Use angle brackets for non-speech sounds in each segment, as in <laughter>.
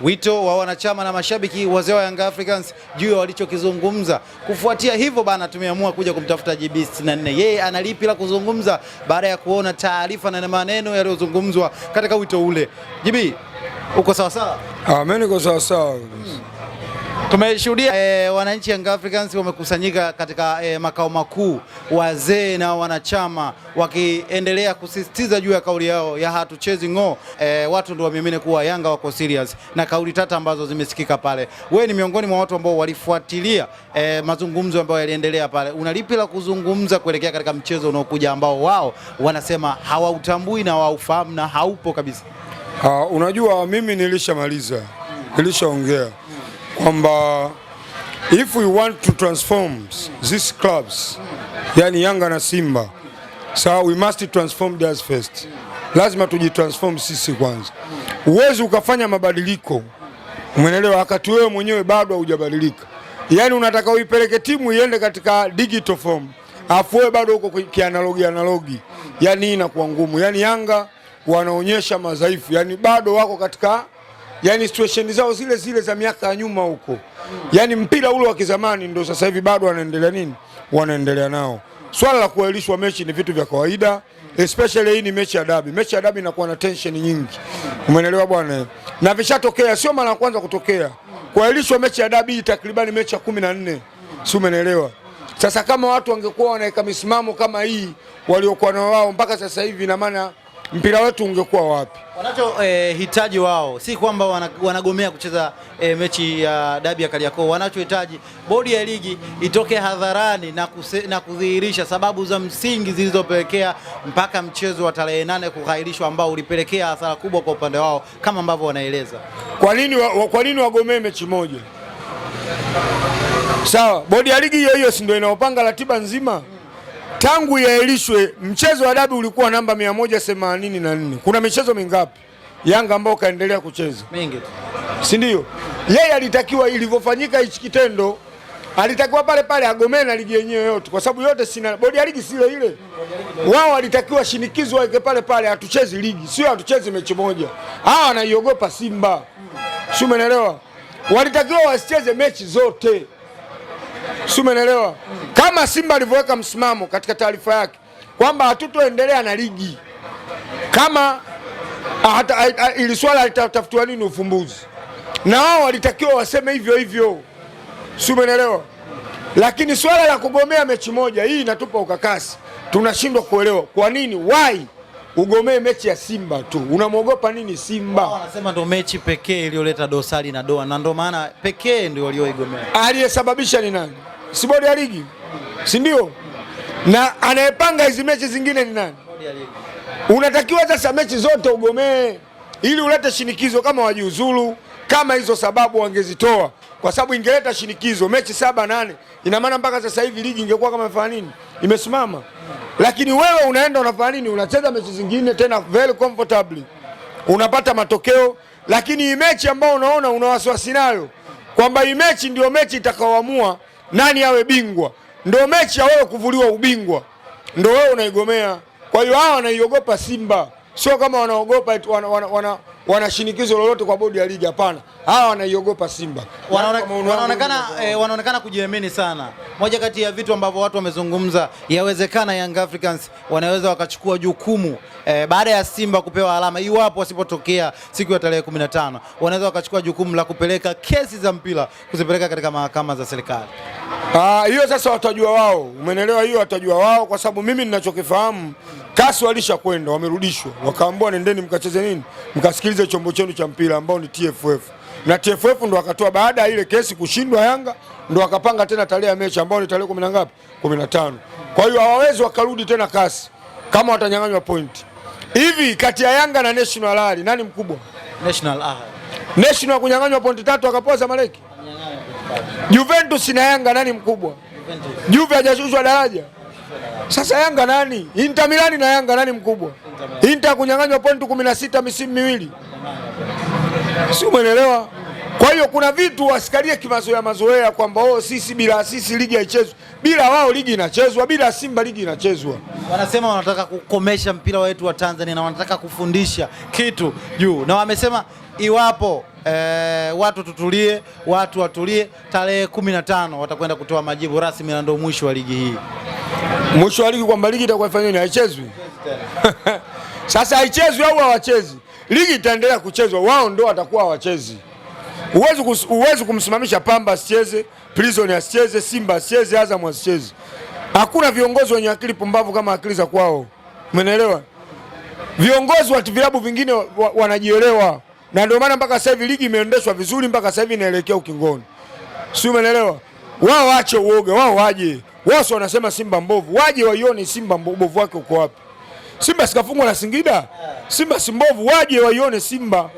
wito wa wanachama na mashabiki wazee wa Young Africans juu ya walichokizungumza. Kufuatia hivyo bana, tumeamua kuja kumtafuta JB 64 yeye analipi la kuzungumza baada ya kuona taarifa na maneno yaliyozungumzwa katika wito ule. JB, uko sawa Ah, mimi niko sawasawa. hmm. Tumeshuhudia e, wananchi Young Africans wamekusanyika katika e, makao makuu, wazee na wanachama wakiendelea kusisitiza juu ya kauli yao ya hatuchezi ng'o. E, watu ndio wameamini kuwa Yanga wako serious na kauli tata ambazo zimesikika pale. Wewe ni miongoni mwa watu ambao walifuatilia e, mazungumzo ambayo yaliendelea pale, unalipi la kuzungumza kuelekea katika mchezo unaokuja ambao wao wanasema hawautambui na waufahamu na haupo kabisa? Uh, unajua mimi nilishamaliza, nilishaongea kwamba if we want to transform these clubs, yani Yanga na Simba, so we must transform theirs first. Lazima tujitransform sisi kwanza. Uwezi ukafanya mabadiliko, umeelewa, wakati wewe mwenyewe bado haujabadilika. Yani unataka uipeleke timu iende katika digital form, afu wewe bado uko kianalogi analogi, yani inakuwa ngumu. Yani Yanga wanaonyesha madhaifu, yani bado wako katika yani situation zao zile zile za miaka ya nyuma huko, yani mpira ule wa kizamani ndio sasa hivi bado wanaendelea nini, wanaendelea nao. Swala la kuahirishwa mechi ni vitu vya kawaida, especially hii ni mechi ya dabi. Mechi ya dabi inakuwa na tension nyingi, umeelewa bwana, na vishatokea, sio mara ya kwanza kutokea kuahirishwa mechi ya dabi. Hii takribani mechi ya kumi na nne, si umeelewa? Sasa kama watu wangekuwa wanaweka misimamo kama hii waliokuwa na wao mpaka sasa hivi, ina maana mpira wetu ungekuwa wapi? wanacho eh, wao si kwamba wanagomea kucheza eh, mechi ya dabi ya Kariakoo. Wanachohitaji bodi ya ligi itoke hadharani na, na kudhihirisha sababu za msingi zilizopelekea mpaka mchezo wa tarehe nane kughairishwa ambao ulipelekea hasara kubwa kwa upande wao kama ambavyo wanaeleza. Kwa nini wa, kwa nini wagomee mechi moja? Sawa, bodi ya ligi hiyo hiyo si ndio inaopanga ratiba nzima? tangu yaelishwe mchezo wa dabi ulikuwa namba 184. Kuna michezo mingapi Yanga ambao kaendelea kucheza? Mingi tu, si ndio? Yeye alitakiwa ilivyofanyika hichi kitendo alitakiwa pale pale agomee na ligi yenyewe yote, kwa sababu yote sina bodi ya ligi sio ile. Wao walitakiwa shinikizo waweke pale pale, hatuchezi ligi, sio hatuchezi mechi moja. Hawa wanaiogopa Simba, si umeelewa? Walitakiwa wasicheze mechi zote, si umeelewa? kama Simba alivyoweka msimamo katika taarifa yake kwamba hatutoendelea na ligi kama hata ili swala litatafutiwa nini ufumbuzi, na wao walitakiwa waseme hivyo hivyo, si umeelewa? Lakini swala la kugomea mechi moja hii inatupa ukakasi, tunashindwa kuelewa kwa nini why ugomee mechi ya Simba tu, unamwogopa nini Simba? Wanasema ndo mechi pekee iliyoleta dosari na doa, na ndo maana pekee ndio walioigomea. Aliyesababisha ni nani? Si bodi ya ligi si ndio? Na anayepanga hizi mechi zingine ni nani? Unatakiwa sasa mechi zote ugomee ili ulete shinikizo, kama wajiuzulu, kama hizo sababu wangezitoa, kwa sababu ingeleta shinikizo mechi saba nane, ina maana mpaka sasa hivi ligi ingekuwa kama imefanya nini, imesimama. Lakini wewe unaenda unafanya nini? Unacheza mechi zingine tena very comfortably, unapata matokeo. Lakini hii mechi ambayo unaona una wasiwasi nayo kwamba hii mechi ndio mechi itakaoamua nani awe bingwa ndio mechi ya wewe kuvuliwa ubingwa, ndio wewe unaigomea. Kwa hiyo hawa wanaiogopa Simba, sio kama wanaogopa wana, wana, wana, wana shinikizo lolote kwa bodi ya ligi. Hapana, hawa wanaiogopa Simba, wanaonekana eh, wanaonekana kujiamini sana. Moja kati ya vitu ambavyo watu wamezungumza, yawezekana Young Africans wanaweza wakachukua jukumu eh, baada ya Simba kupewa alama, iwapo wasipotokea siku ya tarehe 15 wanaweza wakachukua jukumu la kupeleka kesi za mpira kuzipeleka katika mahakama za serikali. Ah, hiyo sasa watajua wao, umenelewa? Hiyo watajua wao, kwa sababu mimi ninachokifahamu kasi walishakwenda, wamerudishwa, wakaambiwa nendeni mkacheze nini, mkasikilize chombo chenu cha mpira ambao ni TFF na TFF ndo wakatoa baada ya ile kesi kushindwa Yanga ndo wakapanga tena tarehe ya mechi ambayo ni tarehe kumi na ngapi? kumi na tano. Kwa hiyo hawawezi wakarudi tena kasi kama watanyang'anywa point. Hivi kati ya Yanga na National Ahli nani mkubwa? National Ahli. National kunyang'anywa point tatu akapoa Zamaleki Juventus na Yanga nani mkubwa? Juve hajashushwa daraja. Sasa Yanga nani? Inter Milani na Yanga nani mkubwa? Inter kunyang'anywa pointi 16 misimu miwili, si umeelewa? Kwa hiyo kuna vitu wasikalie kimazoea mazoea kwamba oh, sisi bila sisi ligi haichezwi. Bila wao ligi inachezwa, bila Simba ligi inachezwa. Wanasema wanataka kukomesha mpira wetu wa Tanzania na wanataka kufundisha kitu juu, na wamesema iwapo E, watu tutulie, watu watulie. Tarehe kumi na tano watakwenda kutoa majibu rasmi, na ndio mwisho wa ligi hii. Mwisho wa ligi kwamba ligi itakuwa ifanye nini? Haichezwi <laughs> sasa, haichezwi au hawachezi? Ligi itaendelea kuchezwa, wao ndio watakuwa hawachezi. uwezi kumsimamisha Pamba asicheze, Prison asicheze, Simba asicheze, Azam asicheze. Hakuna viongozi wenye akili pumbavu kama akili za kwao, umeelewa? Viongozi wa vilabu vingine wanajielewa wa na ndio maana mpaka sasa hivi ligi imeendeshwa vizuri, mpaka sasa hivi inaelekea ukingoni, si umeelewa? Wao waache uoga, wao waje. Wao wanasema Simba mbovu, waje waione Simba mbovu wake uko wapi. Simba sikafungwa na Singida, Simba si mbovu, waje waione Simba,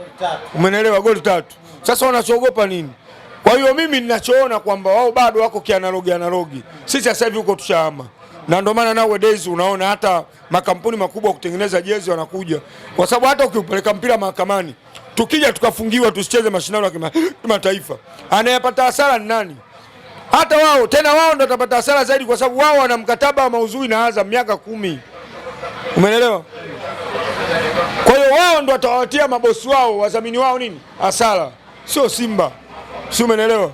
umeelewa? Goli tatu. Sasa wanachoogopa nini? Kwa hiyo mimi ninachoona kwamba wao bado wako kianalogi analogi, sisi sasa hivi huko tushahama na ndio maana nowadays unaona hata makampuni makubwa kutengeneza jezi wanakuja, kwa sababu hata ukiupeleka mpira mahakamani tukija tukafungiwa tusicheze mashindano ya kimataifa, anayepata hasara ni nani? Hata wao tena, wao ndo watapata hasara zaidi, kwa sababu wao wana mkataba wa mauzui na Azam miaka kumi. Umeelewa? Kwa hiyo wao ndo watawatia mabosi wao wadhamini wao nini hasara, sio Simba, si umeelewa?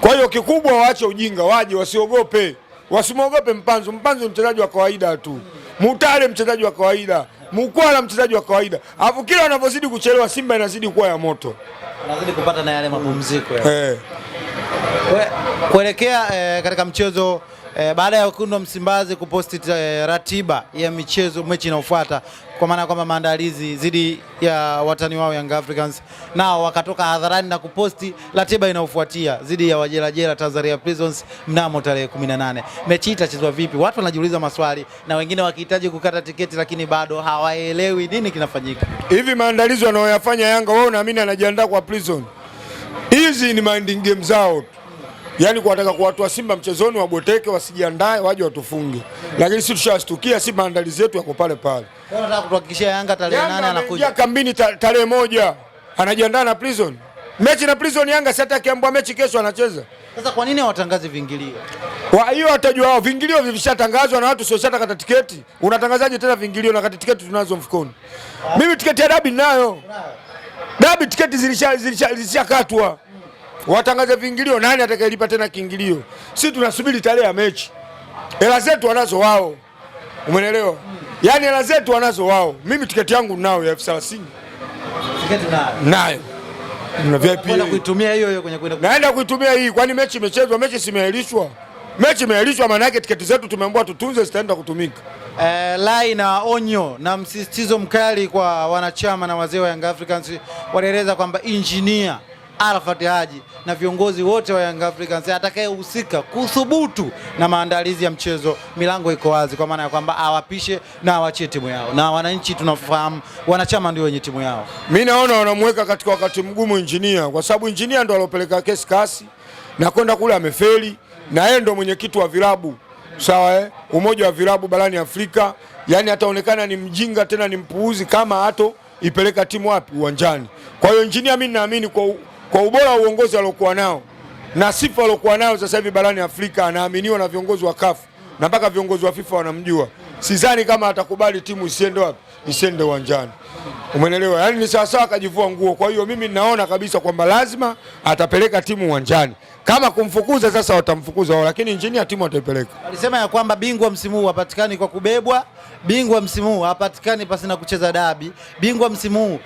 Kwa hiyo kikubwa waache ujinga, waje wasiogope, wasimwogope Mpanzu. Mpanzu ni mchezaji wa kawaida tu. Mutale mchezaji wa kawaida, Mukwala mchezaji wa kawaida, alafu kila wanavyozidi kuchelewa Simba inazidi kuwa ya moto, anazidi kupata na yale mapumziko hey. Eh. Kuelekea eh, katika mchezo eh, baada ya wekundu wa Msimbazi kuposti eh, ratiba ya michezo mechi inayofuata kwa maana kwamba maandalizi dhidi ya watani wao Young Africans, nao wakatoka hadharani na kuposti ratiba inayofuatia dhidi ya wajerajera Tanzania Prisons mnamo tarehe 18. Mechi hii itachezwa vipi? Watu wanajiuliza maswali na wengine wakihitaji kukata tiketi, lakini bado hawaelewi nini kinafanyika. Hivi maandalizi wanaoyafanya Yanga, wewe unaamini anajiandaa kwa Prison? Hizi ni minding game zao yani kuwataka kuwatoa Simba mchezoni wabweteke, wasijiandae, waje watufunge, lakini sisi tushashtukia, si maandalizi yetu yako pale pale. Nataka kutuhakikishia Yanga tarehe nane anakuja kambini, tarehe moja anajiandaa na prison mechi na prison. Yanga si atakiambwa mechi kesho anacheza. Sasa kwa nini hawatangazi viingilio? Hiyo watajua wao, viingilio vivishatangazwa na watu, sio kata tiketi. Unatangazaje tena viingilio na kati tiketi tunazo mfukoni? Mimi tiketi ya dabi ninayo dabi, tiketi zilishakatwa Zilisha, zilisha watangaze viingilio, nani atakayelipa tena kiingilio? Si tunasubiri tarehe ya mechi, hela zetu wanazo wao, umeelewa? Yaani hela zetu wanazo wao. Mimi tiketi yangu nao ya elfu thelathini nayo naenda kuitumia hii, kwani mechi imechezwa, mechi simeahirishwa, mechi imeahirishwa, maana yake tiketi zetu tumeambiwa tutunze, zitaenda kutumika. Eh, lai na onyo na msisitizo mkali kwa wanachama na wazee wa Young Africans, walieleza kwamba injinia Arafat Haji na viongozi wote wa Young Africans atakayehusika kuthubutu na maandalizi ya mchezo. Milango iko wazi, kwa maana ya kwamba awapishe na awachie timu yao, na wananchi tunafahamu, wanachama ndio wenye timu yao. Mi naona wanamweka katika wakati mgumu injinia, kwa sababu injinia ndo alopeleka kesi kasi na kwenda kule amefeli, na yeye ndo mwenyekiti wa vilabu sawa, eh? Umoja wa vilabu barani Afrika, Yani ataonekana ni mjinga tena ni mpuuzi kama hato ipeleka timu wapi uwanjani. Kwa hiyo injinia, mimi naamini kwa kwa ubora wa uongozi aliokuwa nao na sifa aliokuwa nayo sasa hivi barani Afrika, anaaminiwa na viongozi wa CAF na mpaka viongozi wa FIFA wanamjua. Sidhani kama atakubali timu isiende wapi, isiende uwanjani. Umeelewa? Yaani ni sawasawa akajivua nguo. Kwa hiyo mimi ninaona kabisa kwamba lazima atapeleka timu uwanjani. Kama kumfukuza sasa watamfukuza wao, lakini injinia timu wataipeleka. Alisema ya kwamba bingwa msimu huu hapatikani kwa kubebwa, bingwa msimu huu hapatikani pasina kucheza dabi, bingwa msimu huu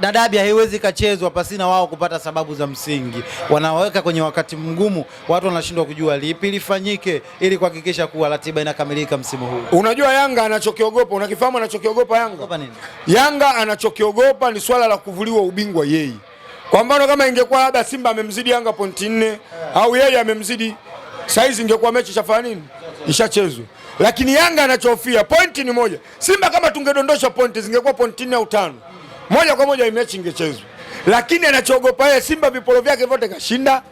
na dabi haiwezi kachezwa pasina wao kupata sababu za msingi. Wanaweka kwenye wakati mgumu, watu wanashindwa kujua lipi lifanyike ili kuhakikisha kuwa ratiba inakamilika msimu huu. Unajua Yanga anachokiogopa, unakifahamu anachokiogopa Yanga? Yanga anachokiogopa ni swala la kuvuliwa ubingwa yeye kwa mfano kama ingekuwa labda Simba amemzidi Yanga pointi nne yeah. au yeye amemzidi, saizi ingekuwa mechi ishafanya nini, ishachezwa. Lakini Yanga anachofia pointi ni moja. Simba kama tungedondosha pointi zingekuwa pointi nne au tano, moja kwa moja mechi ingechezwa. Lakini anachoogopa yeye, Simba viporo vyake vyote kashinda,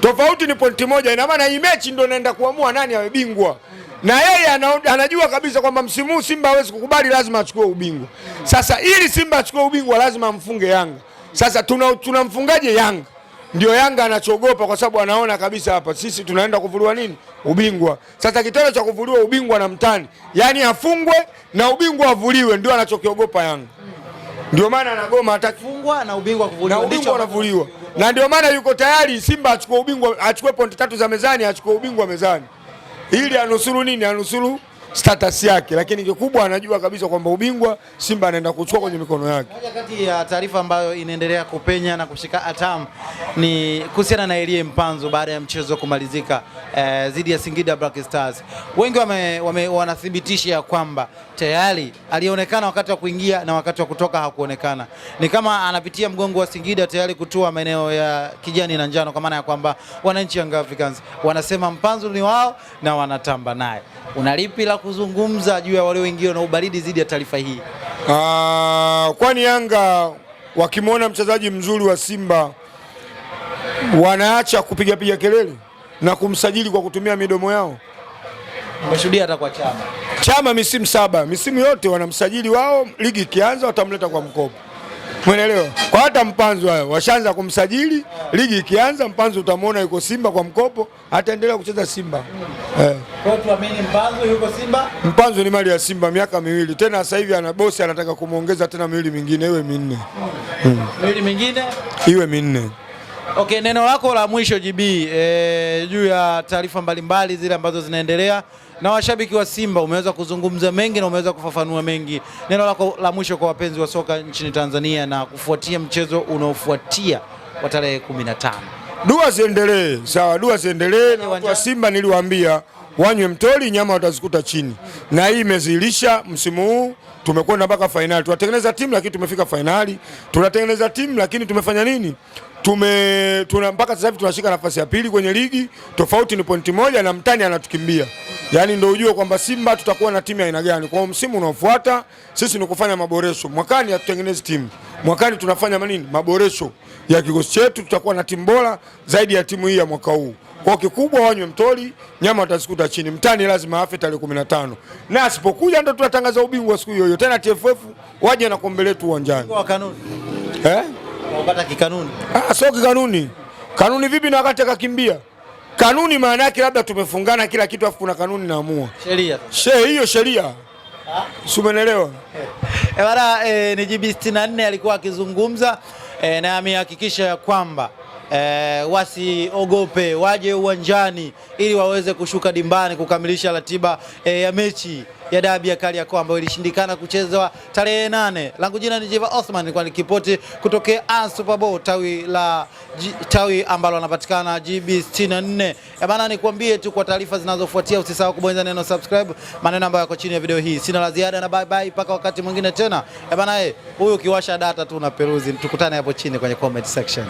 tofauti ni pointi moja. Ina maana hii mechi ndio inaenda kuamua nani awe bingwa na yeye anajua kabisa kwamba msimu huu Simba hawezi kukubali, lazima achukue ubingwa. Sasa ili Simba achukue ubingwa, lazima amfunge Yanga. Sasa tuna tunamfungaje Yanga? Ndio Yanga anachogopa kwa sababu anaona kabisa hapa sisi tunaenda kuvuliwa nini? Ubingwa. Sasa kitendo cha kuvuliwa ubingwa na mtani, yaani afungwe na ubingwa avuliwe, ndio anachokiogopa Yanga. Ndio maana anagoma atafungwa na ubingwa kuvuliwa. Na ubingwa anavuliwa. Na ndio maana yuko tayari Simba achukue ubingwa, achukue pointi tatu za mezani, achukue ubingwa mezani. Ili anusuru nini? Anusuru status yake, lakini kikubwa anajua kabisa kwamba ubingwa Simba anaenda kuchukua kwenye mikono yake. Moja kati ya taarifa ambayo inaendelea kupenya na kushika atam ni kuhusiana na Elie Mpanzu baada ya mchezo kumalizika eh, ya Singida Black Stars. Wengi wame, wame, wanathibitisha ya kwamba tayari alionekana wakati wa kuingia na wakati wa kutoka hakuonekana, ni kama anapitia mgongo wa Singida tayari kutua maeneo ya kijani na njano, kwa maana ya kwamba wananchi Young Africans wanasema Mpanzu ni wao na wanatamba naye. Unalipi la kuzungumza juu ya walioingiwa na ubaridi dhidi ya taarifa hii? Ah, kwani Yanga wakimwona mchezaji mzuri wa Simba wanaacha kupigapiga kelele na kumsajili kwa kutumia midomo yao. Umeshuhudia hata kwa Chama. Chama misimu saba, misimu yote wanamsajili wao, ligi ikianza watamleta kwa mkopo. Mwenelewa kwa hata Mpanzu hayo washaanza kumsajili, ligi ikianza Mpanzu utamwona yuko Simba kwa mkopo, ataendelea kucheza Simba mm. eh. Mpanzu, yuko Simba? Mpanzu ni mali ya Simba miaka miwili tena, sasa hivi ana bosi anataka kumwongeza tena miwili mingine iwe minne mm. miwili mingine iwe minne. Okay, neno lako la mwisho JB, eh, juu ya taarifa mbalimbali zile ambazo zinaendelea na washabiki wa Simba, umeweza kuzungumza mengi na umeweza kufafanua mengi. Neno lako la mwisho kwa wapenzi wa soka nchini Tanzania na kufuatia mchezo unaofuatia wa tarehe 15? Dua ziendelee, sawa, dua ziendelee. Na wa Simba niliwaambia wanywe mtoli, nyama watazikuta chini, na hii imezilisha msimu huu tumekwenda mpaka fainali. Tunatengeneza timu lakini tumefika fainali, tunatengeneza timu lakini tumefanya nini? tume tuna mpaka sasa hivi tunashika nafasi ya pili kwenye ligi, tofauti ni pointi moja na mtani anatukimbia. Yaani ndio ujue kwamba Simba tutakuwa na timu ya aina gani. Kwa msimu unaofuata sisi ni kufanya maboresho. Mwakani hatutengenezi timu. Mwakani tunafanya manini? Maboresho ya kikosi chetu, tutakuwa na timu bora zaidi ya timu hii ya mwaka huu. Kwa kikubwa wanywe mtoli, nyama watazikuta chini. Mtani lazima afe tarehe 15. Na asipokuja ndio tunatangaza ubingwa siku hiyo hiyo. Tena TFF waje na kombe letu uwanjani. Kwa kanuni. Eh? Wamepata kikanuni. Ah, sio kikanuni. Kanuni vipi na wakati akakimbia? Kanuni maana yake labda tumefungana kila kitu afu kuna kanuni naamua. Sheria. She hiyo sheria. Si umeelewa? Eh, bana eh, ni GB 64 alikuwa akizungumza eh, na amehakikisha ya kwamba Eh, wasiogope waje uwanjani ili waweze kushuka dimbani kukamilisha ratiba eh, ya mechi ya dabi ya Kariakoo ambayo ilishindikana kuchezwa tarehe nane. Langu jina ni Jeva Othman, kwa nikipoti kutokea Al Super Bowl tawi la tawi ambalo anapatikana GB64. Bana, nikuambie tu kwa taarifa zinazofuatia usisahau kubonyeza neno subscribe, maneno ambayo yako chini ya video hii. Sina la ziada na bye bye, mpaka wakati mwingine tena. Bana, eh, huyu ukiwasha data tu na peruzi, tukutane hapo chini kwenye comment section.